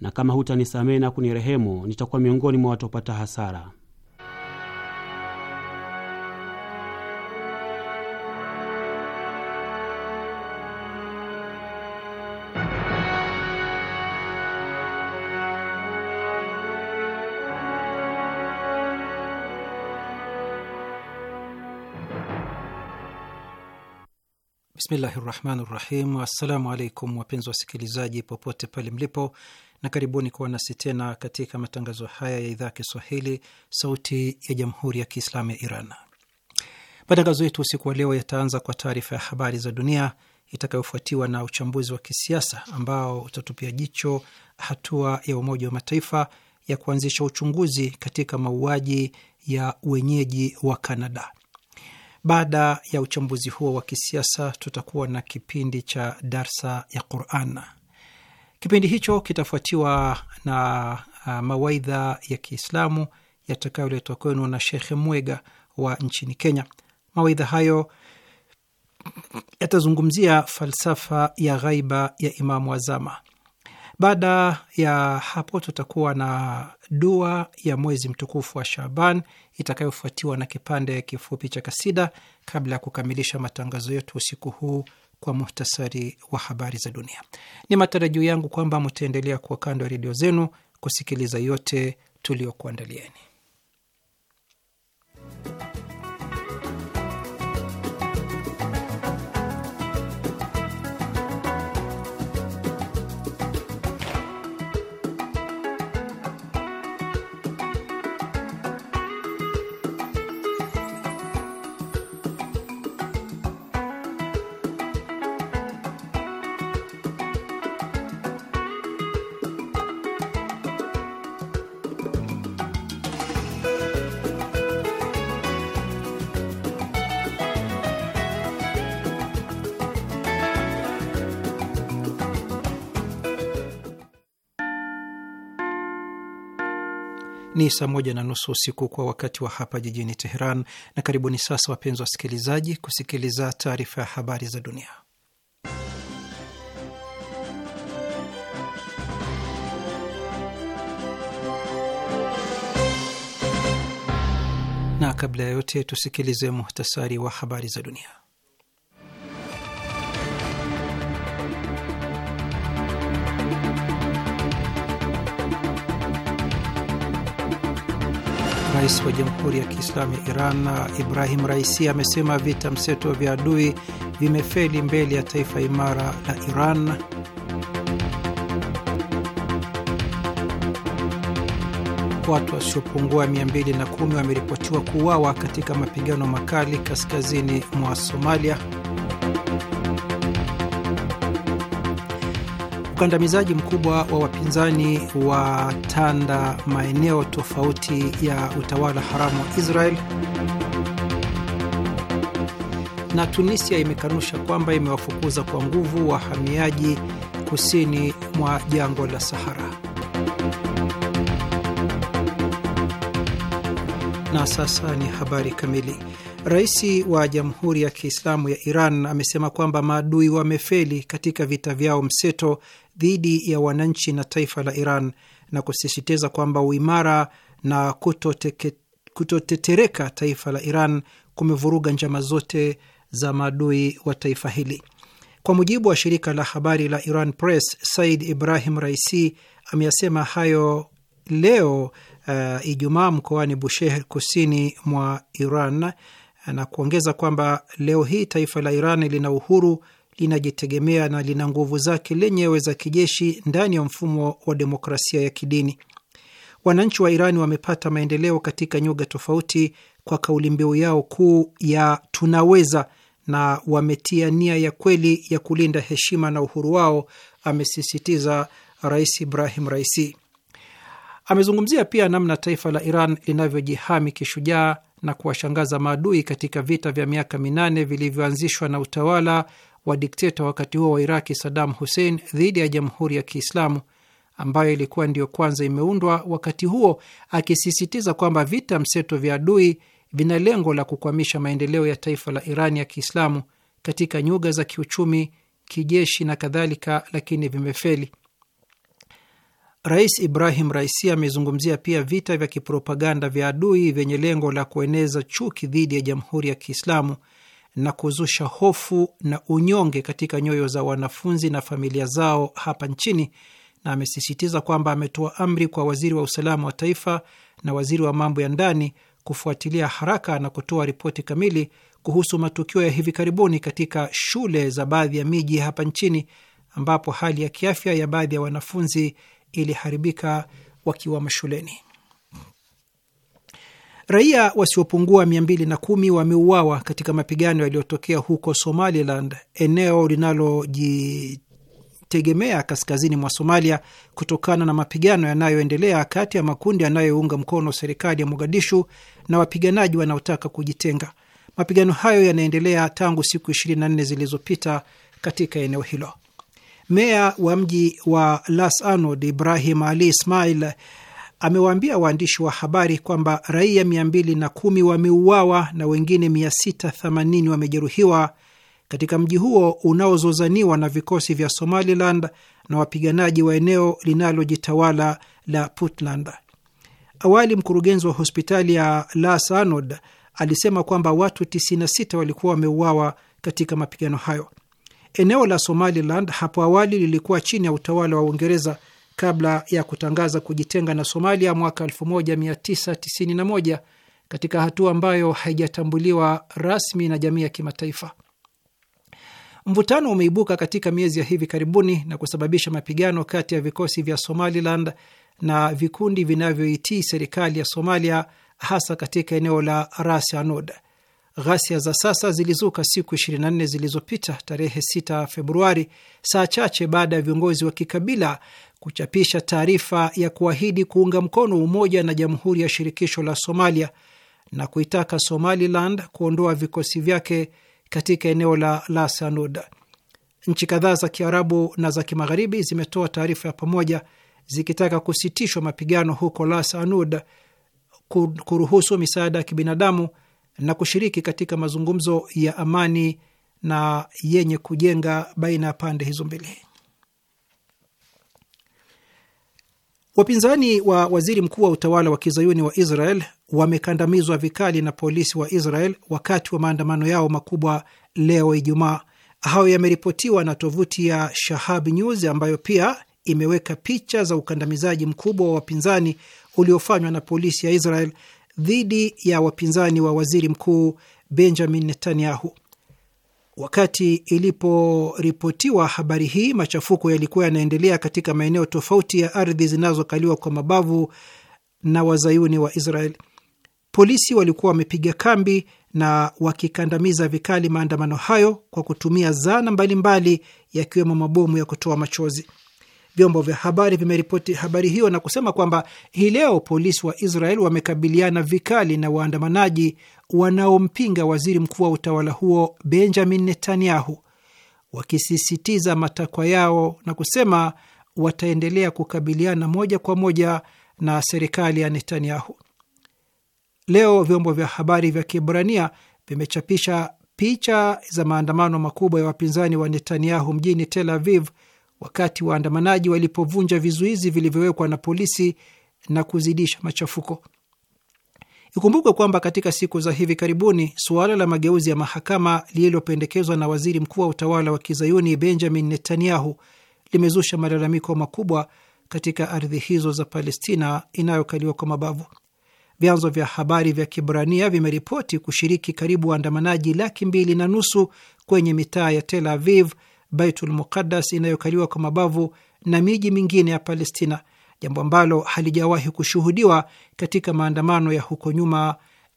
na kama hutanisamehe na kunirehemu nitakuwa miongoni mwa watopata hasara. Bismillahi rahmani rahim. Assalamu alaikum wapenzi wasikilizaji popote pale mlipo, na karibuni kuwa nasi tena katika matangazo haya ya idhaa ya Kiswahili, Sauti ya Jamhuri ya Kiislamu ya Iran. Matangazo yetu usiku wa leo yataanza kwa taarifa ya habari za dunia itakayofuatiwa na uchambuzi wa kisiasa ambao utatupia jicho hatua ya Umoja wa Mataifa ya kuanzisha uchunguzi katika mauaji ya wenyeji wa Kanada. Baada ya uchambuzi huo wa kisiasa, tutakuwa na kipindi cha darsa ya Quran. Kipindi hicho kitafuatiwa na uh, mawaidha ya Kiislamu yatakayoletwa kwenu na Shekhe Mwega wa nchini Kenya. Mawaidha hayo yatazungumzia falsafa ya ghaiba ya Imamu Azama. Baada ya hapo, tutakuwa na dua ya mwezi mtukufu wa Shaban itakayofuatiwa na kipande kifupi cha kasida kabla ya kukamilisha matangazo yetu usiku huu kwa muhtasari wa habari za dunia. Ni matarajio yangu kwamba mtaendelea kuwa kando ya redio zenu kusikiliza yote tuliokuandalieni. Ni saa moja na nusu usiku kwa wakati wa hapa jijini Teheran, na karibuni sasa, wapenzi wasikilizaji, kusikiliza taarifa ya habari za dunia. Na kabla ya yote, tusikilize muhtasari wa habari za dunia. Rais wa Jamhuri ya Kiislamu ya Iran Ibrahim Raisi amesema vita mseto vya adui vimefeli mbele ya taifa imara la Iran. Watu wasiopungua 210 wameripotiwa kuuawa katika mapigano makali kaskazini mwa Somalia. Ukandamizaji mkubwa wa wapinzani wa tanda maeneo tofauti ya utawala haramu wa Israel, na Tunisia imekanusha kwamba imewafukuza kwa nguvu wahamiaji kusini mwa jangwa la Sahara. Na sasa ni habari kamili. Rais wa Jamhuri ya Kiislamu ya Iran amesema kwamba maadui wamefeli katika vita vyao mseto dhidi ya wananchi na taifa la Iran na kusisitiza kwamba uimara na kutotetereka taifa la Iran kumevuruga njama zote za maadui wa taifa hili. Kwa mujibu wa shirika la habari la Iran Press, Said Ibrahim Raisi ameyasema hayo leo uh, Ijumaa mkoani Bushehr kusini mwa Iran na kuongeza kwamba leo hii taifa la Iran lina uhuru linajitegemea na lina nguvu zake lenyewe za kijeshi ndani ya mfumo wa demokrasia ya kidini. Wananchi wa Irani wamepata maendeleo katika nyuga tofauti kwa kauli mbiu yao kuu ya tunaweza, na wametia nia ya kweli ya kulinda heshima na uhuru wao, amesisitiza Rais Ibrahim Raisi. Amezungumzia pia namna taifa la Iran linavyojihami kishujaa na kuwashangaza maadui katika vita vya miaka minane vilivyoanzishwa na utawala wa dikteta wakati huo wa Iraki Saddam Hussein dhidi ya Jamhuri ya Kiislamu ambayo ilikuwa ndiyo kwanza imeundwa wakati huo, akisisitiza kwamba vita mseto vya adui vina lengo la kukwamisha maendeleo ya taifa la Irani ya Kiislamu katika nyuga za kiuchumi, kijeshi na kadhalika, lakini vimefeli. Rais Ibrahim Raisi amezungumzia pia vita vya kipropaganda vya adui vyenye lengo la kueneza chuki dhidi ya Jamhuri ya Kiislamu na kuzusha hofu na unyonge katika nyoyo za wanafunzi na familia zao hapa nchini, na amesisitiza kwamba ametoa amri kwa waziri wa usalama wa taifa na waziri wa mambo ya ndani kufuatilia haraka na kutoa ripoti kamili kuhusu matukio ya hivi karibuni katika shule za baadhi ya miji hapa nchini ambapo hali ya kiafya ya baadhi ya wanafunzi iliharibika wakiwa mashuleni. Raia wasiopungua 210 wameuawa katika mapigano yaliyotokea huko Somaliland, eneo linalojitegemea kaskazini mwa Somalia, kutokana na mapigano yanayoendelea kati ya makundi yanayounga mkono serikali ya Mogadishu na wapiganaji wanaotaka kujitenga. Mapigano hayo yanaendelea tangu siku 24 zilizopita katika eneo hilo. Meya wa mji wa Las Anod Ibrahim Ali Ismail amewaambia waandishi wa habari kwamba raia 210 wameuawa na wengine 680 wamejeruhiwa katika mji huo unaozozaniwa na vikosi vya Somaliland na wapiganaji wa eneo linalojitawala la Puntland. Awali mkurugenzi wa hospitali ya Las Anod alisema kwamba watu 96 walikuwa wameuawa katika mapigano hayo. Eneo la Somaliland hapo awali lilikuwa chini ya utawala wa Uingereza kabla ya kutangaza kujitenga na Somalia mwaka 1991 katika hatua ambayo haijatambuliwa rasmi na jamii ya kimataifa. Mvutano umeibuka katika miezi ya hivi karibuni na kusababisha mapigano kati ya vikosi vya Somaliland na vikundi vinavyoitii serikali ya Somalia, hasa katika eneo la Ras Anod. Ghasia za sasa zilizuka siku 24 zilizopita, tarehe 6 Februari, saa chache baada ya viongozi wa kikabila kuchapisha taarifa ya kuahidi kuunga mkono umoja na jamhuri ya shirikisho la Somalia na kuitaka Somaliland kuondoa vikosi vyake katika eneo la Lasanud. Nchi kadhaa za Kiarabu na za Kimagharibi zimetoa taarifa ya pamoja zikitaka kusitishwa mapigano huko Lasanud, kuruhusu misaada ya kibinadamu na kushiriki katika mazungumzo ya amani na yenye kujenga baina ya pande hizo mbili. Wapinzani wa waziri mkuu wa utawala wa kizayuni wa Israel wamekandamizwa vikali na polisi wa Israel wakati wa maandamano yao makubwa leo Ijumaa. Hayo yameripotiwa na tovuti ya Shahab News ambayo pia imeweka picha za ukandamizaji mkubwa wa wapinzani uliofanywa na polisi ya Israel dhidi ya wapinzani wa waziri mkuu Benjamin Netanyahu. Wakati iliporipotiwa habari hii, machafuko yalikuwa yanaendelea katika maeneo tofauti ya ardhi zinazokaliwa kwa mabavu na wazayuni wa Israel. Polisi walikuwa wamepiga kambi na wakikandamiza vikali maandamano hayo kwa kutumia zana mbalimbali, yakiwemo mabomu ya kutoa machozi. Vyombo vya habari vimeripoti habari hiyo na kusema kwamba hii leo polisi wa Israel wamekabiliana vikali na waandamanaji wanaompinga waziri mkuu wa utawala huo Benjamin Netanyahu, wakisisitiza matakwa yao na kusema wataendelea kukabiliana moja kwa moja na serikali ya Netanyahu. Leo vyombo vya habari vya Kiebrania vimechapisha picha za maandamano makubwa ya wapinzani wa Netanyahu mjini Tel Aviv wakati waandamanaji walipovunja vizuizi vilivyowekwa na polisi na kuzidisha machafuko. Ikumbukwe kwamba katika siku za hivi karibuni suala la mageuzi ya mahakama lililopendekezwa na waziri mkuu wa utawala wa kizayuni Benjamin Netanyahu limezusha malalamiko makubwa katika ardhi hizo za Palestina inayokaliwa kwa mabavu. Vyanzo vya habari vya Kibrania vimeripoti kushiriki karibu waandamanaji laki mbili na nusu kwenye mitaa ya Tel Aviv Baitul Muqaddas inayokaliwa kwa mabavu na miji mingine ya Palestina, jambo ambalo halijawahi kushuhudiwa katika maandamano ya huko nyuma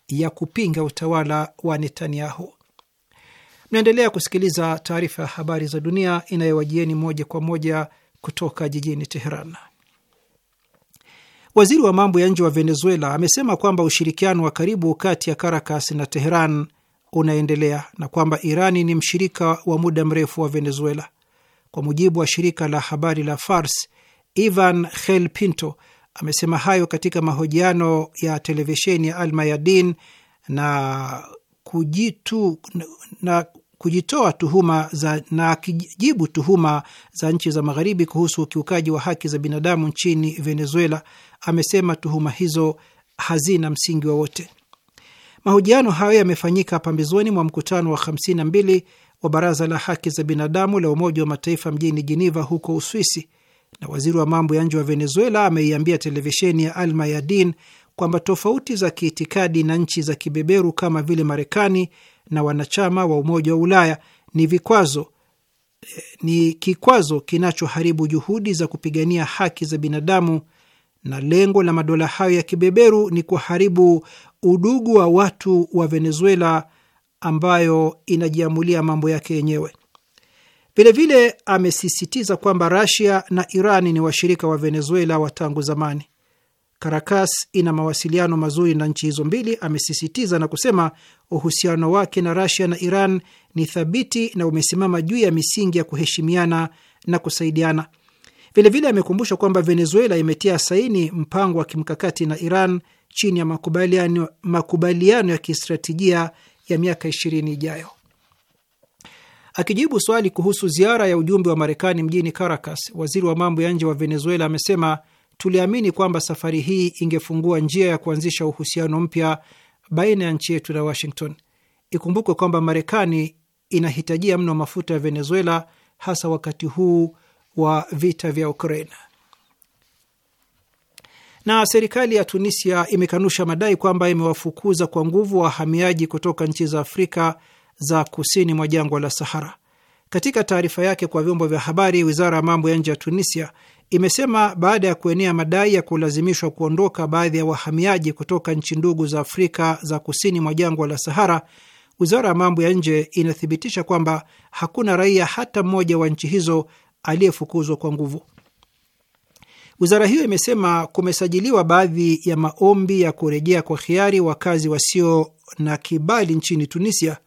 ya kupinga utawala wa Netanyahu. Mnaendelea kusikiliza taarifa ya habari za dunia inayowajieni moja kwa moja kutoka jijini Teheran. Waziri wa mambo ya nje wa Venezuela amesema kwamba ushirikiano wa karibu kati ya Caracas na Teheran unaendelea na kwamba Irani ni mshirika wa muda mrefu wa Venezuela. Kwa mujibu wa shirika la habari la Fars, Ivan Khel Pinto amesema hayo katika mahojiano ya televisheni ya Al Mayadin na kujitu, na kujitoa tuhuma za, na akijibu tuhuma za nchi za magharibi kuhusu ukiukaji wa haki za binadamu nchini Venezuela, amesema tuhuma hizo hazina msingi wowote. Mahojiano hayo yamefanyika pambizoni mwa mkutano wa 52 wa Baraza la Haki za Binadamu la Umoja wa Mataifa mjini Geneva huko Uswisi, na waziri wa mambo ya nje wa Venezuela ameiambia televisheni ya Al Mayadin kwamba tofauti za kiitikadi na nchi za kibeberu kama vile Marekani na wanachama wa Umoja wa Ulaya ni vikwazo eh, ni kikwazo kinachoharibu juhudi za kupigania haki za binadamu na lengo la madola hayo ya kibeberu ni kuharibu udugu wa watu wa Venezuela ambayo inajiamulia mambo yake yenyewe. Vilevile amesisitiza kwamba Rasia na iran ni washirika wa Venezuela wa tangu zamani. Caracas ina mawasiliano mazuri na nchi hizo mbili, amesisitiza na kusema uhusiano wake na Rasia na Iran ni thabiti na umesimama juu ya misingi ya kuheshimiana na kusaidiana. Vilevile amekumbusha kwamba Venezuela imetia saini mpango wa kimkakati na Iran chini ya makubaliano, makubaliano ya kistratejia ya miaka ishirini ijayo. Akijibu swali kuhusu ziara ya ujumbe wa Marekani mjini Caracas, waziri wa mambo ya nje wa Venezuela amesema tuliamini kwamba safari hii ingefungua njia ya kuanzisha uhusiano mpya baina ya nchi yetu na Washington. Ikumbukwe kwamba Marekani inahitajia mno mafuta ya Venezuela, hasa wakati huu wa vita vya Ukraine. Na serikali ya Tunisia imekanusha madai kwamba imewafukuza kwa nguvu wahamiaji kutoka nchi za Afrika za kusini mwa jangwa la Sahara. Katika taarifa yake kwa vyombo vya habari, wizara ya mambo ya nje ya Tunisia imesema baada ya kuenea madai ya kulazimishwa kuondoka baadhi ya wahamiaji kutoka nchi ndugu za Afrika za kusini mwa jangwa la Sahara, wizara ya mambo ya nje inathibitisha kwamba hakuna raia hata mmoja wa nchi hizo aliyefukuzwa kwa nguvu. Wizara hiyo imesema kumesajiliwa baadhi ya maombi ya kurejea kwa hiari wakazi wasio na kibali nchini Tunisia.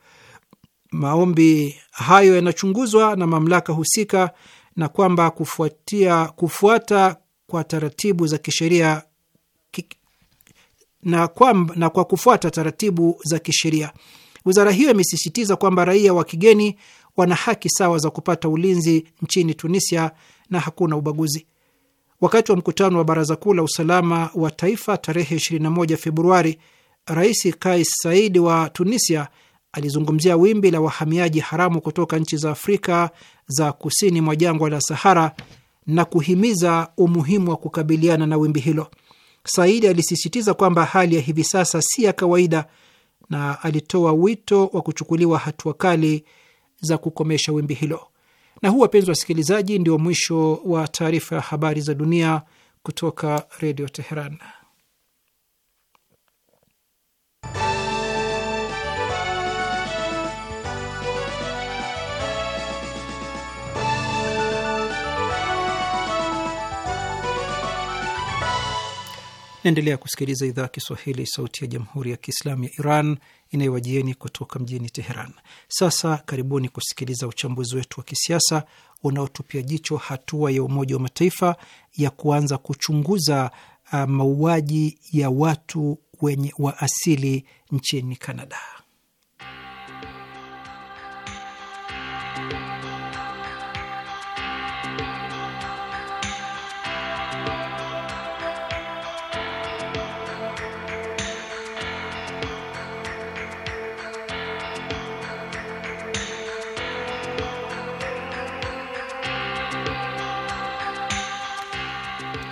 Maombi hayo yanachunguzwa na mamlaka husika na kwamba kufuatia, kufuata kwa taratibu za kisheria na kwa, na kwa kufuata taratibu za kisheria. Wizara hiyo imesisitiza kwamba raia wa kigeni wana haki sawa za kupata ulinzi nchini Tunisia na hakuna ubaguzi. Wakati wa mkutano wa Baraza Kuu la Usalama wa Taifa tarehe 21 Februari, Rais Kais Saidi wa Tunisia alizungumzia wimbi la wahamiaji haramu kutoka nchi za Afrika za kusini mwa jangwa la Sahara na kuhimiza umuhimu wa kukabiliana na wimbi hilo. Saidi alisisitiza kwamba hali ya hivi sasa si ya kawaida na alitoa wito wa kuchukuliwa hatua kali za kukomesha wimbi hilo. Na huu, wapenzi wa wasikilizaji, ndio mwisho wa taarifa ya habari za dunia kutoka Redio Teheran. Naendelea kusikiliza idhaa ya Kiswahili, sauti ya jamhuri ya kiislamu ya Iran inayowajieni kutoka mjini Teheran. Sasa karibuni kusikiliza uchambuzi wetu wa kisiasa unaotupia jicho hatua ya Umoja wa Mataifa ya kuanza kuchunguza uh, mauaji ya watu wenye wa asili nchini Kanada.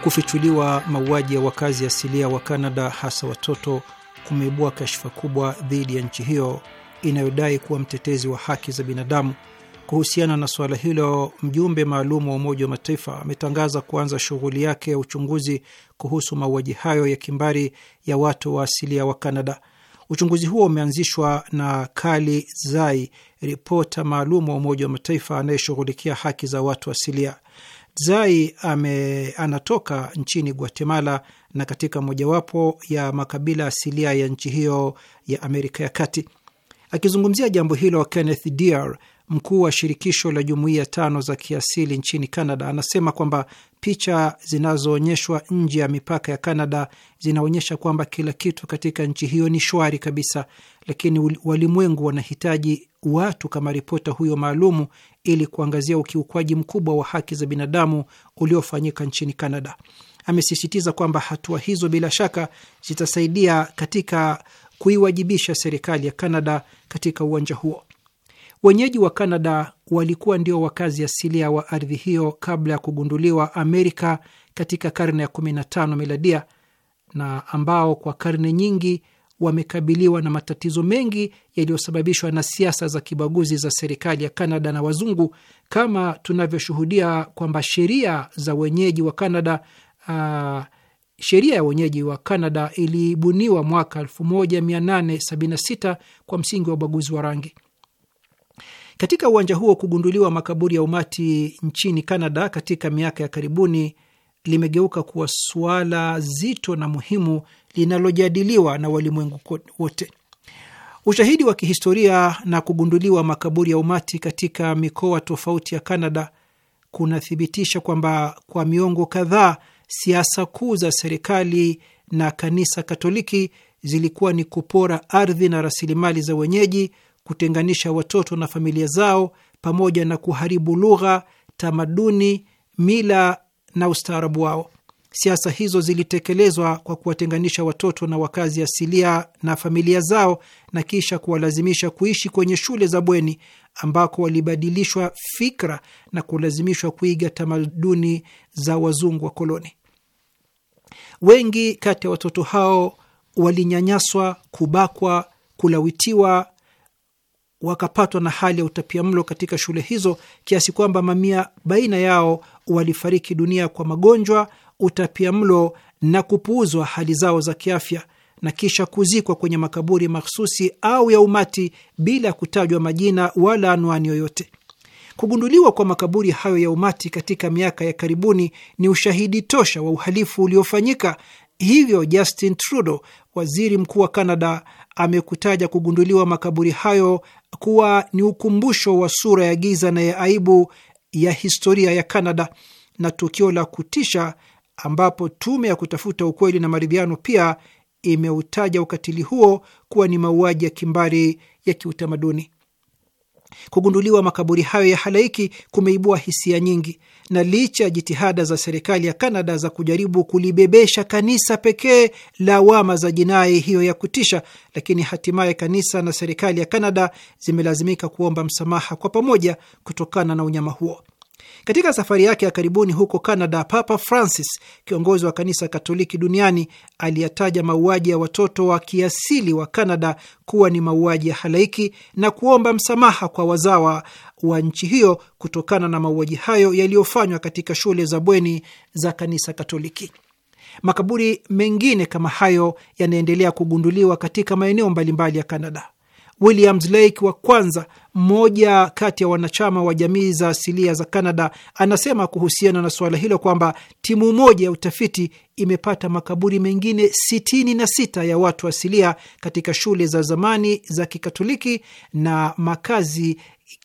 Kufichuliwa mauaji ya wakazi asilia wa Kanada, hasa watoto, kumeibua kashfa kubwa dhidi ya nchi hiyo inayodai kuwa mtetezi wa haki za binadamu. Kuhusiana na suala hilo, mjumbe maalum wa Umoja wa Mataifa ametangaza kuanza shughuli yake ya uchunguzi kuhusu mauaji hayo ya kimbari ya watu wa asilia wa Kanada. Uchunguzi huo umeanzishwa na Kali Zai, ripota maalum wa Umoja wa Mataifa anayeshughulikia haki za watu asilia. Zai ame, anatoka nchini Guatemala na katika mojawapo ya makabila asilia ya nchi hiyo ya Amerika ya Kati. Akizungumzia jambo hilo, Kenneth Diar mkuu wa shirikisho la jumuiya tano za kiasili nchini Canada anasema kwamba picha zinazoonyeshwa nje ya mipaka ya Canada zinaonyesha kwamba kila kitu katika nchi hiyo ni shwari kabisa, lakini walimwengu wanahitaji watu kama ripota huyo maalumu ili kuangazia ukiukwaji mkubwa wa haki za binadamu uliofanyika nchini Canada. Amesisitiza kwamba hatua hizo bila shaka zitasaidia katika kuiwajibisha serikali ya Canada katika uwanja huo. Wenyeji wa Kanada walikuwa ndio wakazi asilia wa ardhi hiyo kabla ya kugunduliwa Amerika katika karne ya 15 miladia, na ambao kwa karne nyingi wamekabiliwa na matatizo mengi yaliyosababishwa na siasa za kibaguzi za serikali ya Kanada na wazungu, kama tunavyoshuhudia kwamba sheria za wenyeji wa Kanada uh, sheria ya wenyeji wa Kanada ilibuniwa mwaka 1876 kwa msingi wa ubaguzi wa rangi. Katika uwanja huo kugunduliwa makaburi ya umati nchini Kanada katika miaka ya karibuni limegeuka kuwa suala zito na muhimu linalojadiliwa na walimwengu wote. Ushahidi wa kihistoria na kugunduliwa makaburi ya umati katika mikoa tofauti ya Kanada kunathibitisha kwamba kwa miongo kadhaa siasa kuu za serikali na kanisa Katoliki zilikuwa ni kupora ardhi na rasilimali za wenyeji kutenganisha watoto na familia zao, pamoja na kuharibu lugha, tamaduni, mila na ustaarabu wao. Siasa hizo zilitekelezwa kwa kuwatenganisha watoto na wakazi asilia na familia zao na kisha kuwalazimisha kuishi kwenye shule za bweni ambako walibadilishwa fikra na kulazimishwa kuiga tamaduni za wazungu wa koloni. Wengi kati ya watoto hao walinyanyaswa, kubakwa, kulawitiwa wakapatwa na hali ya utapiamlo katika shule hizo kiasi kwamba mamia baina yao walifariki dunia kwa magonjwa, utapiamlo na kupuuzwa hali zao za kiafya na kisha kuzikwa kwenye makaburi mahsusi au ya umati bila ya kutajwa majina wala anwani yoyote. Kugunduliwa kwa makaburi hayo ya umati katika miaka ya karibuni ni ushahidi tosha wa uhalifu uliofanyika. Hivyo Justin Trudeau, waziri mkuu wa Canada, amekutaja kugunduliwa makaburi hayo kuwa ni ukumbusho wa sura ya giza na ya aibu ya historia ya Kanada na tukio la kutisha ambapo tume ya kutafuta ukweli na maridhiano pia imeutaja ukatili huo kuwa ni mauaji ya kimbari ya kiutamaduni. Kugunduliwa makaburi hayo ya halaiki kumeibua hisia nyingi na licha ya jitihada za serikali ya Kanada za kujaribu kulibebesha kanisa pekee lawama za jinai hiyo ya kutisha, lakini hatimaye kanisa na serikali ya Kanada zimelazimika kuomba msamaha kwa pamoja kutokana na unyama huo. Katika safari yake ya karibuni huko Canada, Papa Francis, kiongozi wa kanisa Katoliki duniani, aliyataja mauaji ya watoto wa kiasili wa Canada kuwa ni mauaji ya halaiki na kuomba msamaha kwa wazawa wa nchi hiyo kutokana na mauaji hayo yaliyofanywa katika shule za bweni za kanisa Katoliki. Makaburi mengine kama hayo yanaendelea kugunduliwa katika maeneo mbalimbali ya Canada. Williams Lake wa kwanza, mmoja kati ya wanachama wa jamii za asilia za Canada, anasema kuhusiana na suala hilo kwamba timu moja ya utafiti imepata makaburi mengine 66 ya watu asilia katika shule za zamani za Kikatoliki na makazi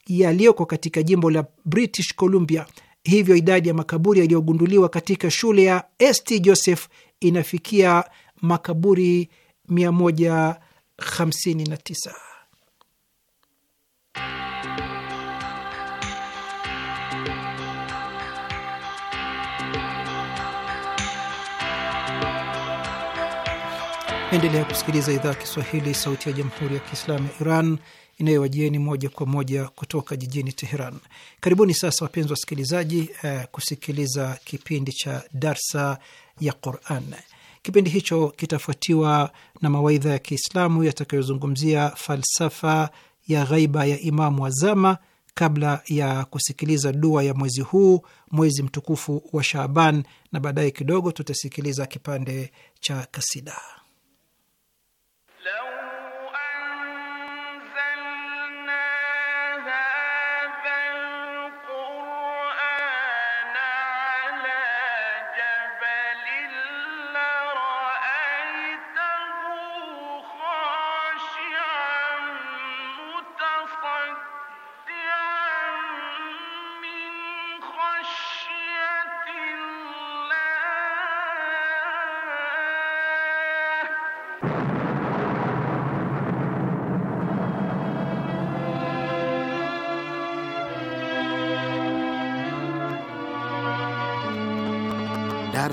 yaliyoko katika jimbo la British Columbia. Hivyo idadi ya makaburi yaliyogunduliwa katika shule ya St Joseph inafikia makaburi 159. Naendelea kusikiliza idhaa ya Kiswahili, sauti ya jamhuri ya kiislamu ya Iran inayowajieni moja kwa moja kutoka jijini Teheran. Karibuni sasa wapenzi wasikilizaji, uh, kusikiliza kipindi cha darsa ya Quran. Kipindi hicho kitafuatiwa na mawaidha ya Kiislamu yatakayozungumzia falsafa ya ghaiba ya Imamu azama kabla ya kusikiliza dua ya mwezi huu, mwezi mtukufu wa Shaaban, na baadaye kidogo tutasikiliza kipande cha kasida.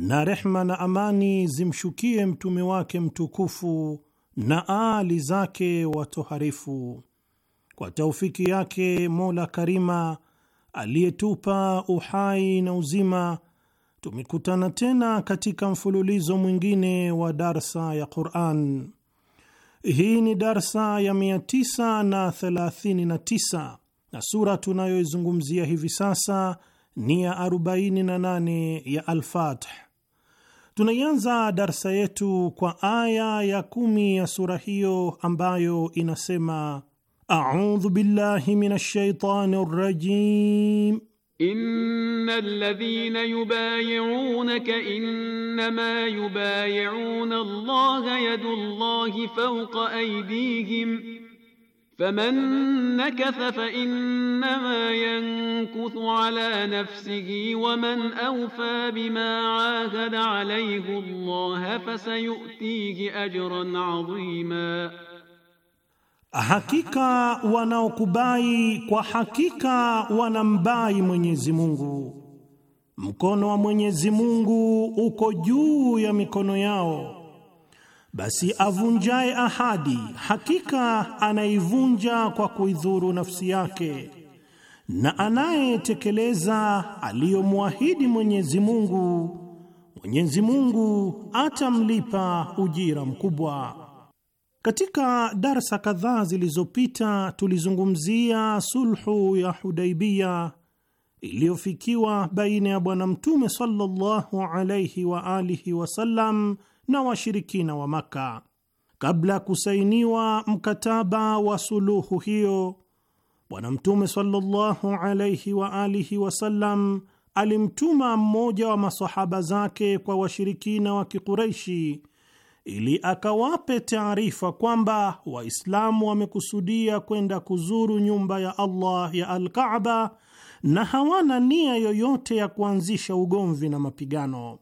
na rehma na amani zimshukie mtume wake mtukufu na aali zake watoharifu. Kwa taufiki yake Mola Karima aliyetupa uhai na uzima, tumekutana tena katika mfululizo mwingine wa darsa ya Quran. Hii ni darsa ya 939 na sura tunayoizungumzia hivi sasa ni ya 48 ya Alfath. Tunaianza darsa yetu kwa aya ya kumi ya sura hiyo ambayo inasema: audhu billahi min ashaitani rajim إن الذين yubayi'unaka إنما يبايعون الله يد الله فوق أيديهم فمن نكث فإنما ينكث على نفسه ومن أوفى بما عاهد عليه الله فسيؤتيه أجرا عظيما Hakika wanaokubai kwa hakika wanambai Mwenyezi Mungu. Mkono wa Mwenyezi Mungu uko juu ya mikono yao. Basi avunjaye ahadi, hakika anaivunja kwa kuidhuru nafsi yake na anayetekeleza aliyomwahidi Mwenyezi Mungu, Mwenyezi Mungu atamlipa ujira mkubwa. Katika darsa kadhaa zilizopita tulizungumzia sulhu ya Hudaibia iliyofikiwa baina ya Bwana Mtume sallallahu alayhi wa alihi wasallam na washirikina wa Maka. Kabla ya kusainiwa mkataba wa suluhu hiyo Bwana Mtume sallallahu wa alihi wasallam alimtuma mmoja wa masahaba zake kwa washirikina wa kikureishi ili akawape taarifa kwamba Waislamu wamekusudia kwenda kuzuru nyumba ya Allah ya Alkaaba na hawana nia yoyote ya kuanzisha ugomvi na mapigano.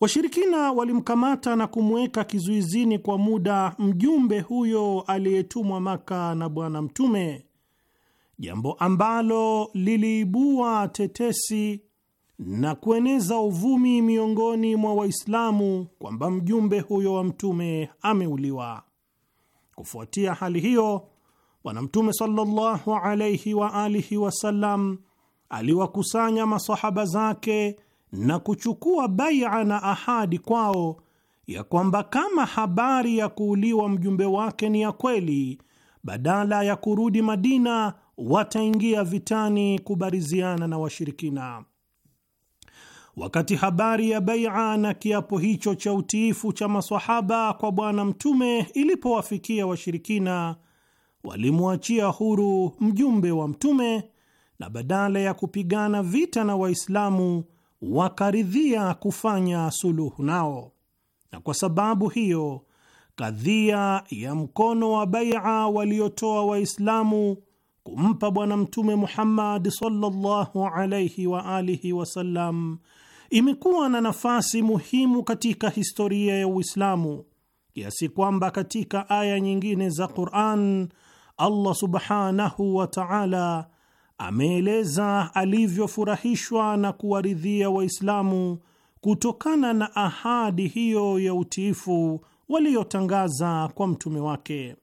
Washirikina walimkamata na kumweka kizuizini kwa muda mjumbe huyo aliyetumwa Maka na Bwana Mtume jambo ambalo liliibua tetesi na kueneza uvumi miongoni mwa Waislamu kwamba mjumbe huyo wa mtume ameuliwa. Kufuatia hali hiyo, Bwana Mtume sallallahu alaihi wa alihi wasallam aliwakusanya masahaba zake na kuchukua baia na ahadi kwao ya kwamba kama habari ya kuuliwa mjumbe wake ni ya kweli, badala ya kurudi Madina wataingia vitani kubariziana na washirikina. Wakati habari ya baia na kiapo hicho cha utiifu cha masahaba kwa Bwana Mtume ilipowafikia washirikina, walimwachia huru mjumbe wa Mtume na badala ya kupigana vita na Waislamu wakaridhia kufanya suluhu nao, na kwa sababu hiyo kadhia ya mkono wa baia waliotoa Waislamu kumpa Bwana Mtume Muhammad sallallahu alaihi wa alihi wasallam imekuwa na nafasi muhimu katika historia ya Uislamu kiasi kwamba katika aya nyingine za Quran Allah subhanahu wa taala ameeleza alivyofurahishwa na kuwaridhia Waislamu kutokana na ahadi hiyo ya utiifu waliyotangaza kwa mtume wake.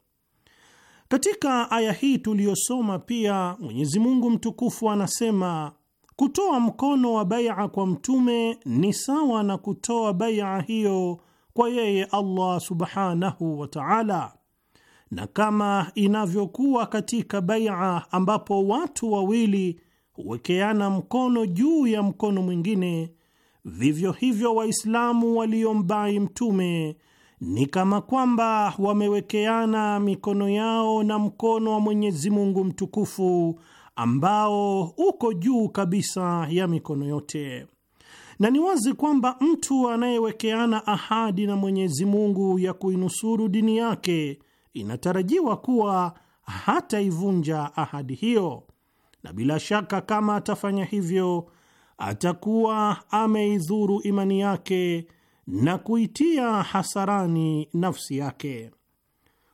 Katika aya hii tuliyosoma pia Mwenyezi Mungu mtukufu anasema kutoa mkono wa baia kwa mtume ni sawa na kutoa baia hiyo kwa yeye Allah subhanahu wa ta'ala, na kama inavyokuwa katika baia ambapo watu wawili huwekeana mkono juu ya mkono mwingine, vivyo hivyo Waislamu waliombai mtume ni kama kwamba wamewekeana mikono yao na mkono wa Mwenyezi Mungu mtukufu ambao uko juu kabisa ya mikono yote, na ni wazi kwamba mtu anayewekeana ahadi na Mwenyezi Mungu ya kuinusuru dini yake inatarajiwa kuwa hataivunja ahadi hiyo, na bila shaka kama atafanya hivyo atakuwa ameidhuru imani yake na kuitia hasarani nafsi yake.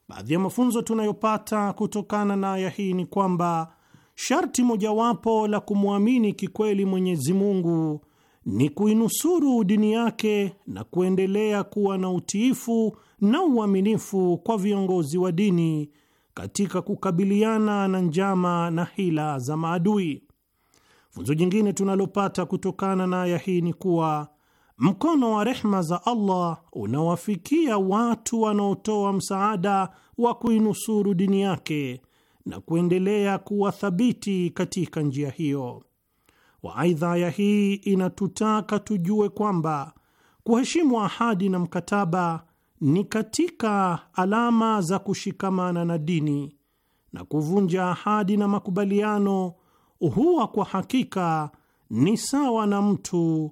Baadhi ya mafunzo tunayopata kutokana na aya hii ni kwamba sharti mojawapo la kumwamini kikweli Mwenyezi Mungu ni kuinusuru dini yake na kuendelea kuwa na utiifu na uaminifu kwa viongozi wa dini katika kukabiliana na njama na hila za maadui. Funzo jingine tunalopata kutokana na aya hii ni kuwa Mkono wa rehma za Allah unawafikia watu wanaotoa msaada wa kuinusuru dini yake na kuendelea kuwa thabiti katika njia hiyo. Waaidha, ya hii inatutaka tujue kwamba kuheshimu ahadi na mkataba ni katika alama za kushikamana na dini, na kuvunja ahadi na makubaliano huwa kwa hakika ni sawa na mtu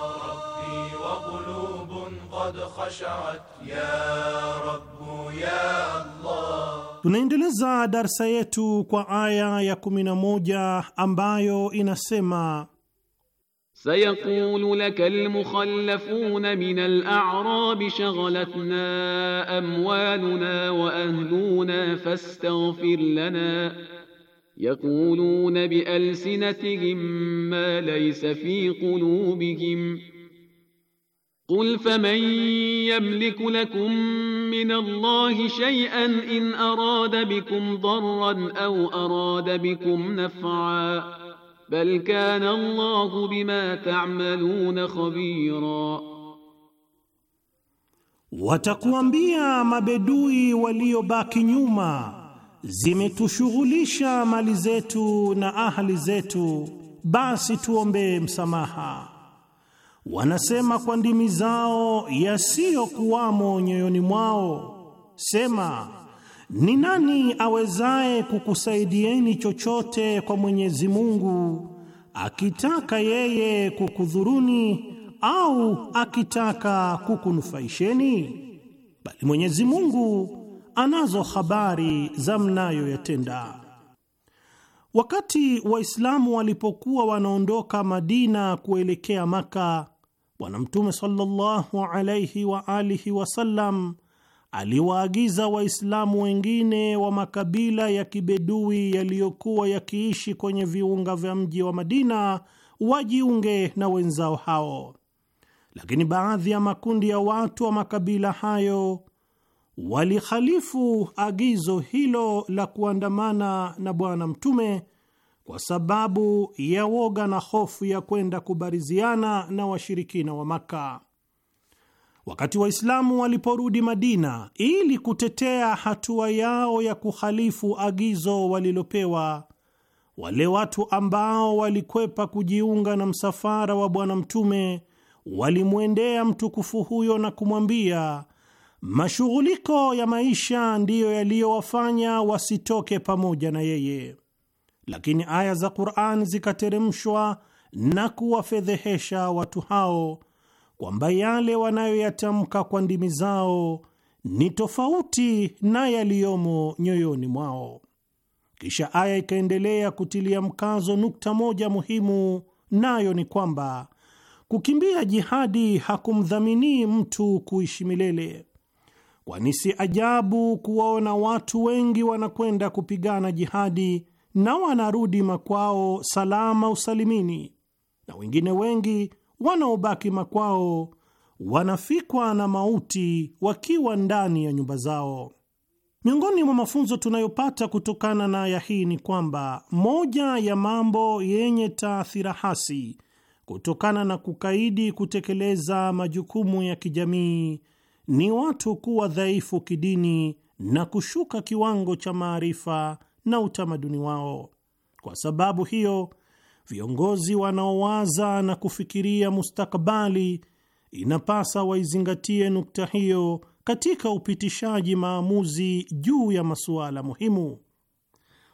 قد خشعت يا رب يا الله. Tunaendeleza darsa yetu kwa aya ya kumi na moja ambayo inasema سيقول لك المخلفون من الأعراب شغلتنا أموالنا وأهلنا فاستغفر لنا يقولون بألسنتهم ما ليس في قلوبهم Qul faman yamliku lakum min Allahi shay'an in arada bikum darran au arada bikum naf'a bal kana Allahu bima ta'maluna khabira, watakuambia mabedui waliobaki nyuma, zimetushughulisha mali zetu na ahli zetu, basi tuombee msamaha Wanasema kwa ndimi zao yasiyokuwamo nyoyoni mwao. Sema, ni nani awezaye kukusaidieni chochote kwa Mwenyezi Mungu, akitaka yeye kukudhuruni au akitaka kukunufaisheni? Bali Mwenyezi Mungu anazo habari za mnayoyatenda. Wakati Waislamu walipokuwa wanaondoka Madina kuelekea Maka, Bwana Mtume sallallahu alaihi wa alihi wasallam aliwaagiza Waislamu wengine wa makabila ya kibedui yaliyokuwa yakiishi kwenye viunga vya mji wa Madina wajiunge na wenzao hao, lakini baadhi ya makundi ya watu wa makabila hayo walihalifu agizo hilo la kuandamana na Bwana Mtume kwa sababu ya woga na hofu ya kwenda kubariziana na washirikina wa Makka. Wakati Waislamu waliporudi Madina ili kutetea hatua yao ya kuhalifu agizo walilopewa, wale watu ambao walikwepa kujiunga na msafara wa Bwana Mtume walimwendea mtukufu huyo na kumwambia mashughuliko ya maisha ndiyo yaliyowafanya wasitoke pamoja na yeye lakini aya za Qur'an zikateremshwa na kuwafedhehesha watu hao kwamba yale wanayoyatamka kwa ndimi zao ni tofauti na yaliyomo nyoyoni mwao. Kisha aya ikaendelea kutilia mkazo nukta moja muhimu, nayo ni kwamba kukimbia jihadi hakumdhaminii mtu kuishi milele, kwani si ajabu kuwaona watu wengi wanakwenda kupigana jihadi na wanarudi makwao salama usalimini, na wengine wengi wanaobaki makwao wanafikwa na mauti wakiwa ndani ya nyumba zao. Miongoni mwa mafunzo tunayopata kutokana na aya hii ni kwamba moja ya mambo yenye taathira hasi kutokana na kukaidi kutekeleza majukumu ya kijamii ni watu kuwa dhaifu kidini na kushuka kiwango cha maarifa na utamaduni wao. Kwa sababu hiyo, viongozi wanaowaza na kufikiria mustakabali inapasa waizingatie nukta hiyo katika upitishaji maamuzi juu ya masuala muhimu.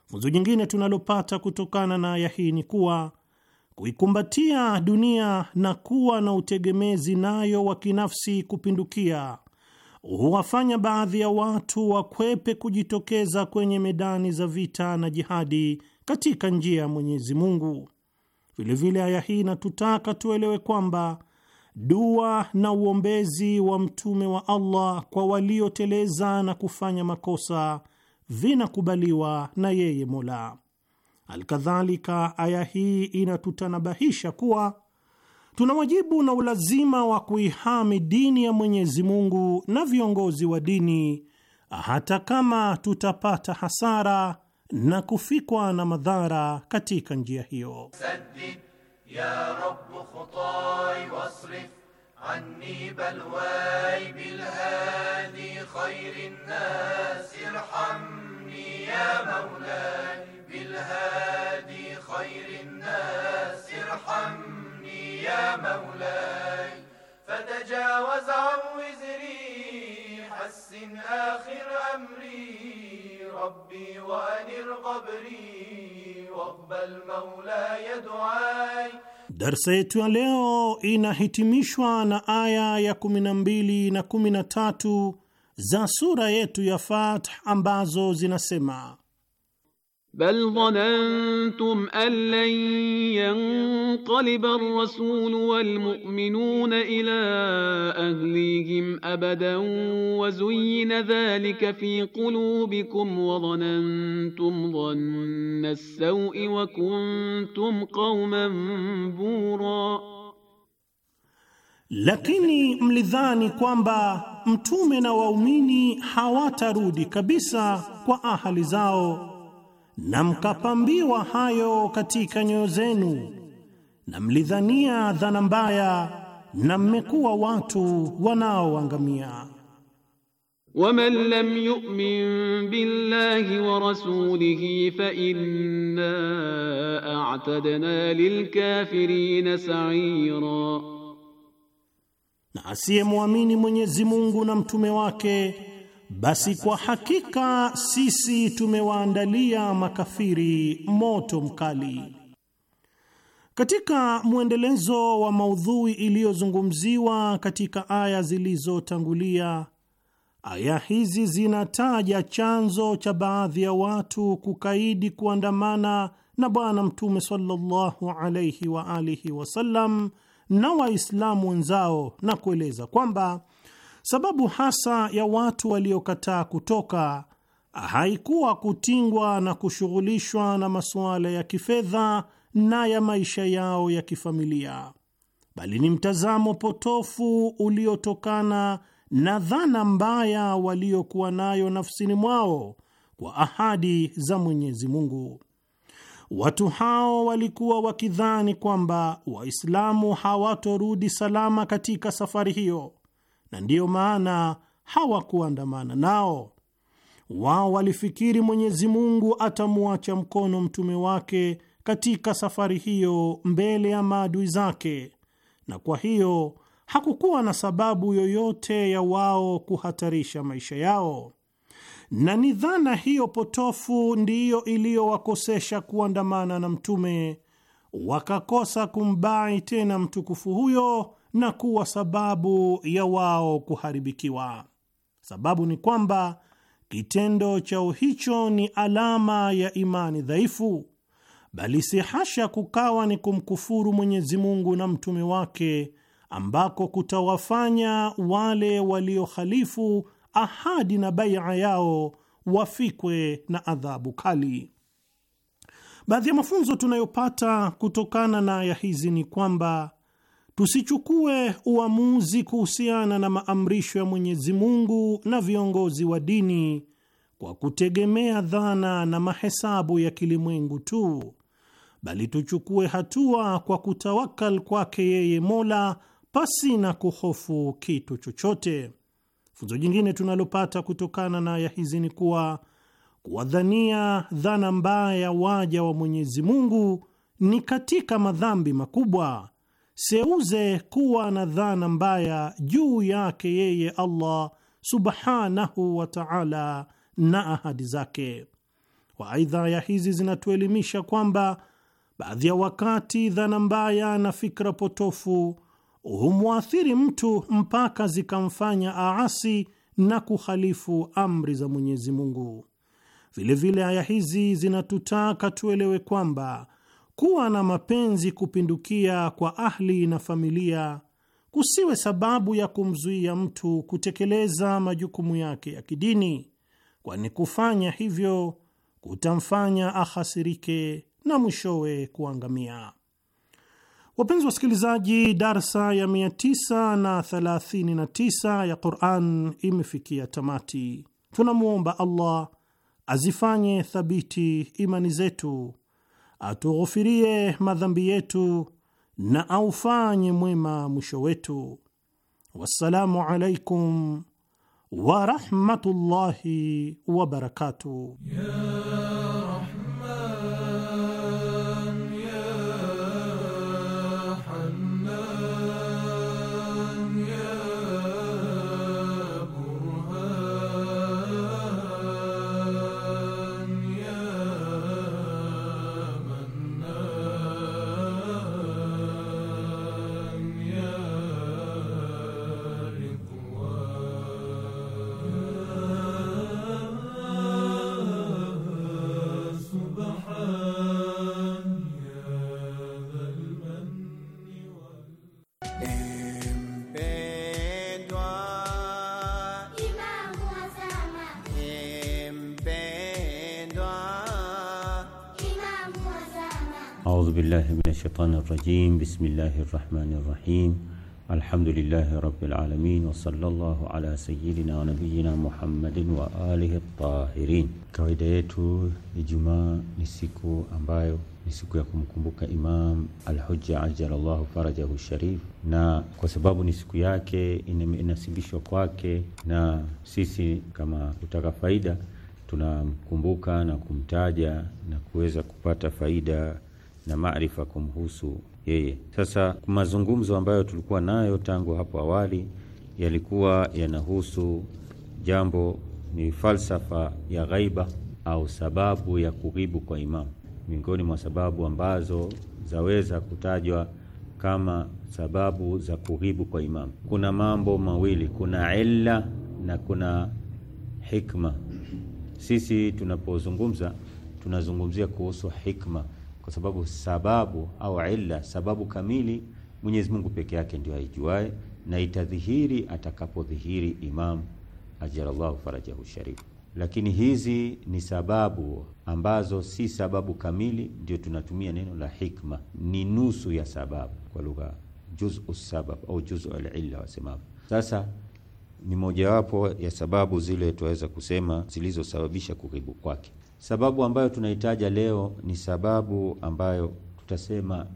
Funzo jingine tunalopata kutokana na aya hii ni kuwa kuikumbatia dunia na kuwa na utegemezi nayo wa kinafsi kupindukia huwafanya baadhi ya watu wakwepe kujitokeza kwenye medani za vita na jihadi katika njia ya Mwenyezi Mungu. Vilevile, aya hii inatutaka tuelewe kwamba dua na uombezi wa mtume wa Allah kwa walioteleza na kufanya makosa vinakubaliwa na yeye Mola. Alkadhalika, aya hii inatutanabahisha kuwa tuna wajibu na ulazima wa kuihami dini ya Mwenyezi Mungu na viongozi wa dini, hata kama tutapata hasara na kufikwa na madhara katika njia hiyo. Saddi, ya عني يا مولاي فتجاوز عن وزري حسن آخر أمري ربي وأنر قبري واقبل مولاي دعاي Darsa yetu ya leo inahitimishwa na aya ya 12 na 13 za sura yetu ya Fath ambazo zinasema بل ظننتم أن لن ينقلب الرسول والمؤمنون إلى أهليهم أبدا وزين ذلك في قلوبكم وظننتم ظن السوء وكنتم قوما بورا lakini mlidhani kwamba mtume na waumini hawatarudi kabisa kwa ahali zao na mkapambiwa hayo katika nyoyo zenu, na mlidhania dhana mbaya, na mmekuwa watu wanaoangamia. Waman lam yu'min billahi wa rasulihi fa inna a'tadna lilkafirina sa'ira, na asiyemwamini Mwenyezi Mungu na mtume wake basi kwa hakika sisi tumewaandalia makafiri moto mkali. Katika mwendelezo wa maudhui iliyozungumziwa katika aya zilizotangulia, aya hizi zinataja chanzo cha baadhi ya watu kukaidi kuandamana na Bwana Mtume sallallahu alaihi wa alihi wasallam na Waislamu wenzao na kueleza kwamba Sababu hasa ya watu waliokataa kutoka haikuwa kutingwa na kushughulishwa na masuala ya kifedha na ya maisha yao ya kifamilia, bali ni mtazamo potofu uliotokana na dhana mbaya waliokuwa nayo nafsini mwao kwa ahadi za Mwenyezi Mungu. Watu hao walikuwa wakidhani kwamba Waislamu hawatorudi salama katika safari hiyo na ndiyo maana hawakuandamana nao. Wao walifikiri Mwenyezi Mungu atamwacha mkono mtume wake katika safari hiyo mbele ya maadui zake, na kwa hiyo hakukuwa na sababu yoyote ya wao kuhatarisha maisha yao, na ni dhana hiyo potofu ndiyo iliyowakosesha kuandamana na mtume, wakakosa kumbai tena mtukufu huyo na kuwa sababu ya wao kuharibikiwa. Sababu ni kwamba kitendo chao hicho ni alama ya imani dhaifu, bali si hasha kukawa ni kumkufuru Mwenyezi Mungu na mtume wake, ambako kutawafanya wale waliohalifu ahadi na baia yao wafikwe na adhabu kali. Baadhi ya mafunzo tunayopata kutokana na aya hizi ni kwamba Tusichukue uamuzi kuhusiana na maamrisho ya Mwenyezi Mungu na viongozi wa dini kwa kutegemea dhana na mahesabu ya kilimwengu tu, bali tuchukue hatua kwa kutawakal kwake yeye Mola pasi na kuhofu kitu chochote. Funzo jingine tunalopata kutokana na aya hizi ni kuwa kuwadhania dhana mbaya waja wa Mwenyezi Mungu ni katika madhambi makubwa seuze kuwa na dhana mbaya juu yake yeye Allah subhanahu wa ta'ala na ahadi zake. Wa aidha ya hizi zinatuelimisha kwamba baadhi ya wakati dhana mbaya na fikra potofu humwathiri mtu mpaka zikamfanya aasi na kuhalifu amri za Mwenyezi Mungu. Vilevile aya hizi zinatutaka tuelewe kwamba kuwa na mapenzi kupindukia kwa ahli na familia kusiwe sababu ya kumzuia mtu kutekeleza majukumu yake ya kidini, kwani kufanya hivyo kutamfanya ahasirike na mwishowe kuangamia. Wapenzi wasikilizaji, darsa ya 939 ya Quran imefikia tamati. Tunamwomba Allah azifanye thabiti imani zetu atughufirie madhambi yetu na aufanye mwema mwisho wetu. Wassalamu alaikum warahmatullahi wabarakatuh. الشيطان الرجيم بسم الله الرحمن الرحيم الحمد لله رب العالمين وصلى الله على سيدنا ونبينا محمد وآله الطاهرين tahirin. Kawaida yetu Ijumaa ni siku ambayo ni siku ya kumkumbuka Imam Al-Hujja ajalallahu farajahu sharif, na kwa sababu ni siku yake inasibishwa kwake, na sisi kama faida tunamkumbuka na kumtaja na kuweza kupata faida na maarifa kumhusu yeye. Sasa mazungumzo ambayo tulikuwa nayo tangu hapo awali yalikuwa yanahusu jambo, ni falsafa ya ghaiba au sababu ya kughibu kwa imamu, miongoni mwa sababu ambazo zaweza kutajwa kama sababu za kughibu kwa imamu. Kuna mambo mawili, kuna illa na kuna hikma. Sisi tunapozungumza tunazungumzia kuhusu hikma kwa sababu sababu au illa, sababu kamili Mwenyezi Mungu peke yake ndio aijuae, na itadhihiri atakapodhihiri Imam ajalallahu farajahu sharif. Lakini hizi ni sababu ambazo si sababu kamili, ndio tunatumia neno la hikma, ni nusu ya sababu kwa lugha juzu sabab au juzu al-illa wasemavyo. Sasa ni mojawapo ya sababu zile tuweza kusema zilizosababisha kuribu kwake. Sababu ambayo tunaitaja leo ni sababu ambayo tutasema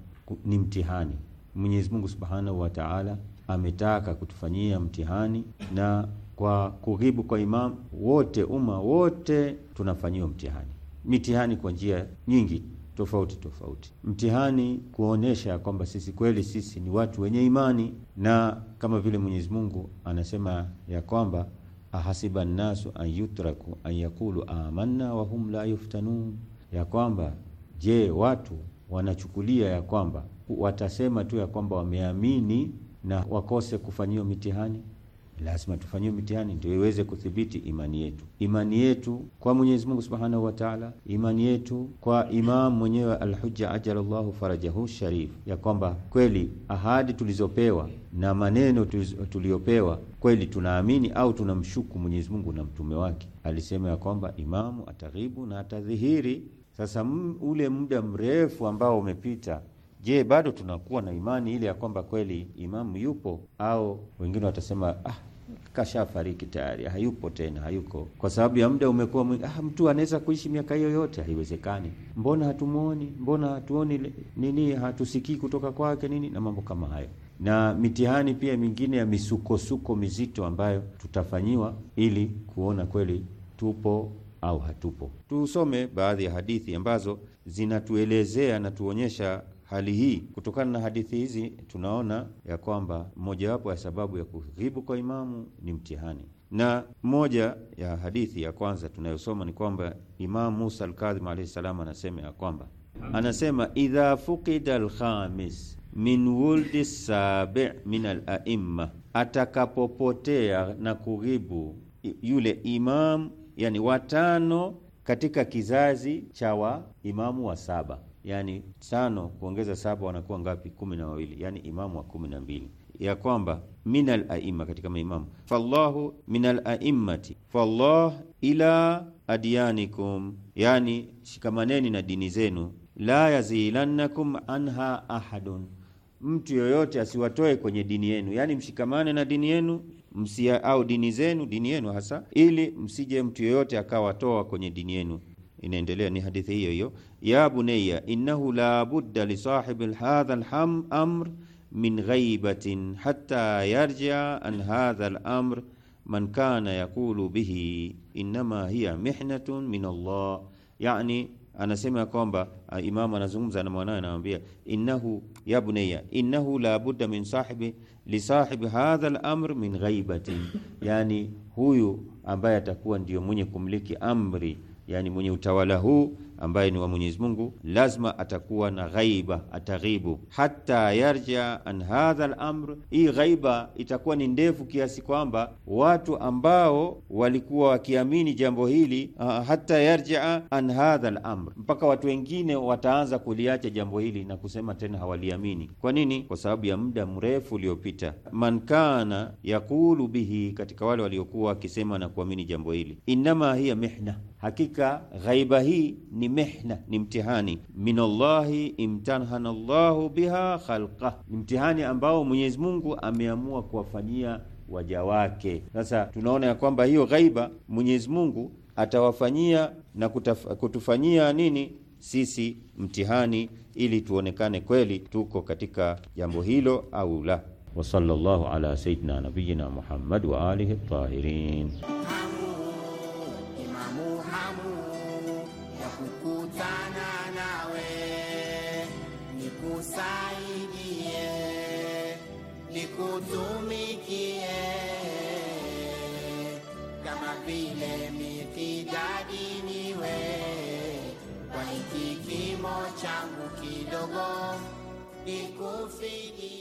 ni mtihani. Mwenyezi Mungu Subhanahu wa Ta'ala ametaka kutufanyia mtihani, na kwa kughibu kwa imamu wote, umma wote tunafanyiwa mtihani, mitihani kwa njia nyingi tofauti tofauti. Mtihani kuonesha kwamba sisi kweli sisi ni watu wenye imani, na kama vile Mwenyezi Mungu anasema ya kwamba ahasiba nnasu an yutraku an yakulu amanna wa hum la yuftanun, ya kwamba je, watu wanachukulia ya kwamba watasema tu ya kwamba wameamini na wakose kufanyiwa mitihani lazima tufanyiwe mitihani ndio iweze kuthibiti imani yetu, imani yetu kwa Mwenyezi Mungu Subhanahu wa Ta'ala, imani yetu kwa imamu mwenyewe al ajalallahu farajahu sharif, ya kwamba kweli ahadi tulizopewa na maneno tuliyopewa kweli tunaamini au tunamshuku Mwenyezi Mungu na mtume wake. Alisema ya kwamba imamu ataghibu na atadhihiri. Sasa ule muda mrefu ambao umepita Je, bado tunakuwa na imani ile ya kwamba kweli imamu yupo, au wengine watasema ah, kashafariki tayari, hayupo tena, hayuko kwa sababu ya muda umekuwa mwingi. Ah, mtu anaweza kuishi miaka hiyo yote? Haiwezekani. Mbona hatumuoni? Mbona hatuoni nini? Hatusikii kutoka kwake nini, na mambo kama hayo, na mitihani pia mingine ya misukosuko mizito ambayo tutafanyiwa ili kuona kweli tupo au hatupo. Tusome baadhi ya hadithi ambazo zinatuelezea na tuonyesha hali hii. Kutokana na hadithi hizi, tunaona ya kwamba mojawapo ya sababu ya kughibu kwa imamu ni mtihani, na moja ya hadithi ya kwanza tunayosoma ni kwamba Imamu Musa Alkadhim alaihi salam anasema ya kwamba anasema idha fuqida alkhamis min wuldi sabi min alaimma, atakapopotea na kughibu yule imamu yani watano katika kizazi cha waimamu wa saba yani tano kuongeza saba wanakuwa ngapi? kumi na wawili, yani imamu wa kumi na mbili ya kwamba minal aima katika maimamu fallahu minal aimmati fallah ila adyanikum, yani shikamaneni na dini zenu. La yazilannakum anha ahadun, mtu yoyote asiwatoe kwenye dini yenu, yani mshikamane na dini yenu msia, au dini zenu, dini yenu hasa, ili msije mtu yoyote akawatoa kwenye dini yenu inaendelea ni hadithi hiyo hiyo, ya bunayya innahu la budda li sahibi hadha alham amr min ghaibatin hatta yarjia an hadha alamr man kana yaqulu bihi innama hiya mihnatun min Allah. Yani anasema kwamba imamu anazungumza na mwanawe, anamwambia innahu ya bunayya innahu la budda min sahibi li sahibi hadha alamr min ghaibatin, yani huyu ambaye atakuwa ndio mwenye kumiliki amri yani mwenye utawala huu ambaye ni wa Mwenyezi Mungu lazima atakuwa na ghaiba, ataghibu hata yarja an hadha al-amr. Hii ghaiba itakuwa ni ndefu kiasi kwamba watu ambao walikuwa wakiamini jambo hili uh, ah, hata yarja an hadha al-amr, mpaka watu wengine wataanza kuliacha jambo hili na kusema tena hawaliamini. Kwa nini? Kwa sababu ya muda mrefu uliopita. Man kana yakulu bihi, katika wale waliokuwa wakisema na kuamini jambo hili, innama hiya mihna Hakika ghaiba hii ni mehna, ni mtihani. Minallahi imtahana llahu biha khalqa, ni mtihani ambao Mwenyezi Mungu ameamua kuwafanyia waja wake. Sasa tunaona ya kwamba hiyo ghaiba Mwenyezi Mungu atawafanyia na kutaf, kutufanyia nini sisi mtihani, ili tuonekane kweli tuko katika jambo hilo au la. Wa sallallahu ala sayyidina nabiyina Muhammad wa alihi tahirin hamu ya kukutana nawe, nikusaidie, nikutumikie kama vile mikidadi kwa hiki kimo changu kidogo nikufidie.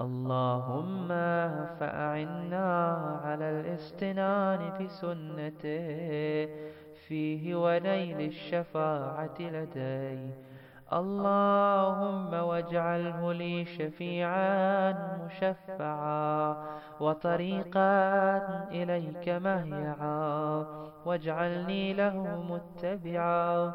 اللهم فأعنا على الاستنان بسنته فيه ونيل الشفاعة لديه اللهم واجعله لي شفيعا مشفعا وطريقا إليك مهيعا واجعلني له متبعا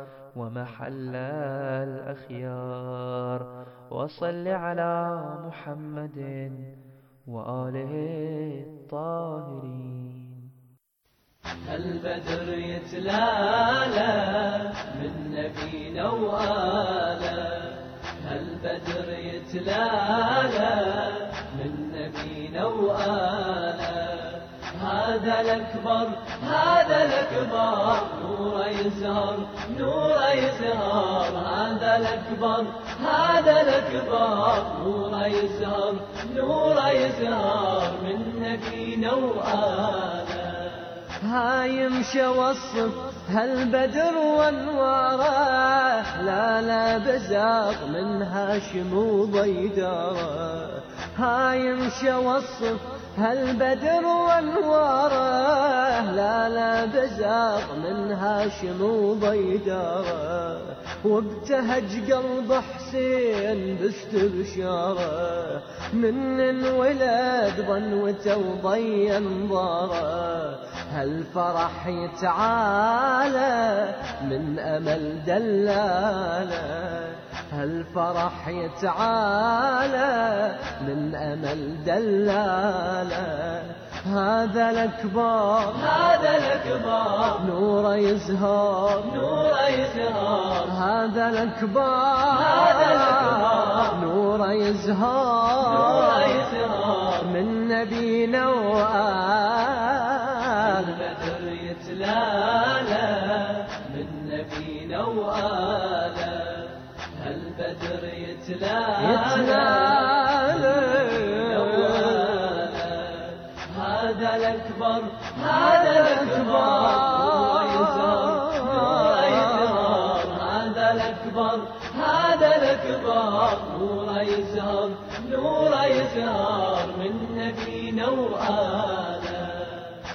ومحل الأخيار وصل على محمد وآله الطاهرين البدر يتلالى من نبينا وآله البدر يتلالى من نبينا وآله هذا الأكبر هذا الأكبر نور يزهر نور يزهر هذا الأكبر هذا الأكبر نور يزهر نور يزهر منك نور هايم يمشى والصف هالبدر وانواره لا لا بزاق من هاشم وضيداره هايم شوصف هالبدر وانواره لا لا بزاق من هاشم وضيداره وابتهج قلب حسين باستبشاره من انولد ظنوته وضي انظاره هالفرح يتعالى من امل دلاله هالفرح يتعالى من أمل دلالة هذا الأكبر هذا الأكبر نور يزهر نور يزهر هذا الأكبر هذا الأكبر نور يزهر نور يزهر من نبينا وآل يتنال هذا الأكبر هذا الأكبر هذا الأكبر هذا الأكبر نور يزهر نور يزهر من نبينا وآله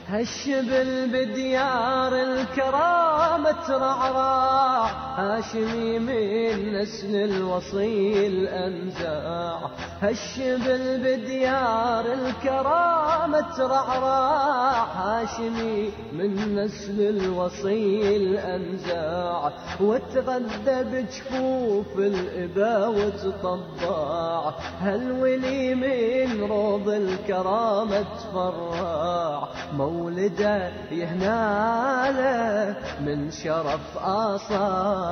هش بالبديار الكرامة ترعرع هاشمي من نسل الوصيل أنزاع هالشبل بديار الكرامة ترعرع هاشمي من نسل الوصيل أنزاع وتغذى بجفوف الإبا وتطباع هالولي من روض الكرامة تفرع مولده يهناله من شرف آصاع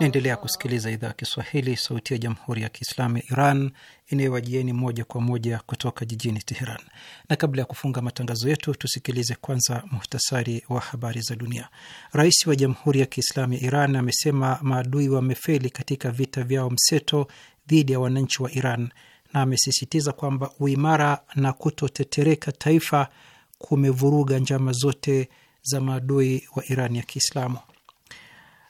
Naendelea kusikiliza idhaa ya Kiswahili, sauti ya jamhuri ya kiislamu ya Iran inayowajieni moja kwa moja kutoka jijini Teheran. Na kabla ya kufunga matangazo yetu, tusikilize kwanza muhtasari wa habari za dunia. Rais wa jamhuri ya kiislamu ya Iran amesema maadui wamefeli katika vita vyao mseto dhidi ya wananchi wa Iran na amesisitiza kwamba uimara na kutotetereka taifa kumevuruga njama zote za maadui wa Iran ya Kiislamu.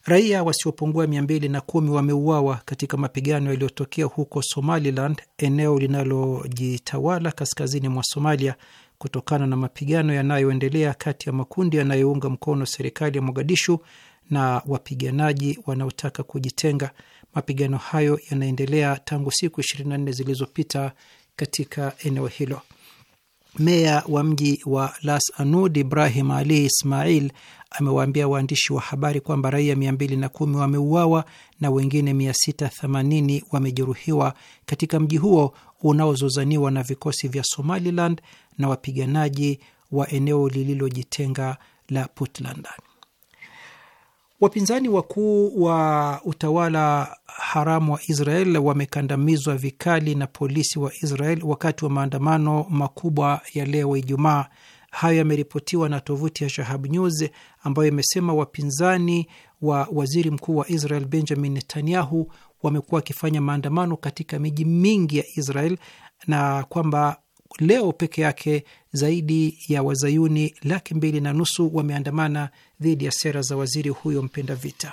Raia wasiopungua mia mbili na kumi wameuawa katika mapigano yaliyotokea huko Somaliland, eneo linalojitawala kaskazini mwa Somalia, kutokana na mapigano yanayoendelea kati ya makundi yanayounga mkono serikali ya Mogadishu na wapiganaji wanaotaka kujitenga. Mapigano hayo yanaendelea tangu siku 24 zilizopita katika eneo hilo. Meya wa mji wa Las Anud Ibrahim Ali Ismail amewaambia waandishi wa habari kwamba raia 210 wameuawa na wengine 680 wamejeruhiwa katika mji huo unaozozaniwa na vikosi vya Somaliland na wapiganaji wa eneo lililojitenga la Puntland. Wapinzani wakuu wa utawala haramu wa Israel wamekandamizwa vikali na polisi wa Israel wakati wa maandamano makubwa ya leo Ijumaa. Hayo yameripotiwa na tovuti ya Shahab News ambayo imesema wapinzani wa waziri mkuu wa Israel Benjamin Netanyahu wamekuwa wakifanya maandamano katika miji mingi ya Israel na kwamba leo peke yake zaidi ya wazayuni laki mbili na nusu wameandamana dhidi ya sera za waziri huyo mpenda vita.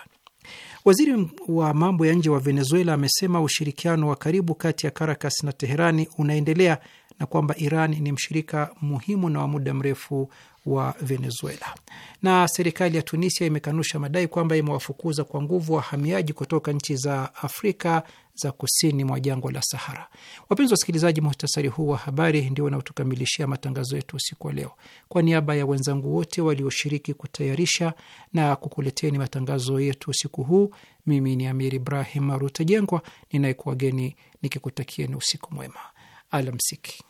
Waziri wa mambo ya nje wa Venezuela amesema ushirikiano wa karibu kati ya Caracas na Teherani unaendelea na kwamba Iran ni mshirika muhimu na wa muda mrefu wa Venezuela. Na serikali ya Tunisia imekanusha madai kwamba imewafukuza kwa nguvu wahamiaji kutoka nchi za Afrika za kusini mwa jangwa la Sahara. Wapenzi wasikilizaji, muhtasari huu wa habari ndio wanaotukamilishia matangazo yetu usiku wa leo. Kwa niaba ya wenzangu wote walioshiriki kutayarisha na kukuleteni matangazo yetu usiku huu, mimi ni Amir Ibrahim Rutajengwa ninayekuwageni nikikutakieni usiku mwema. Alamsiki.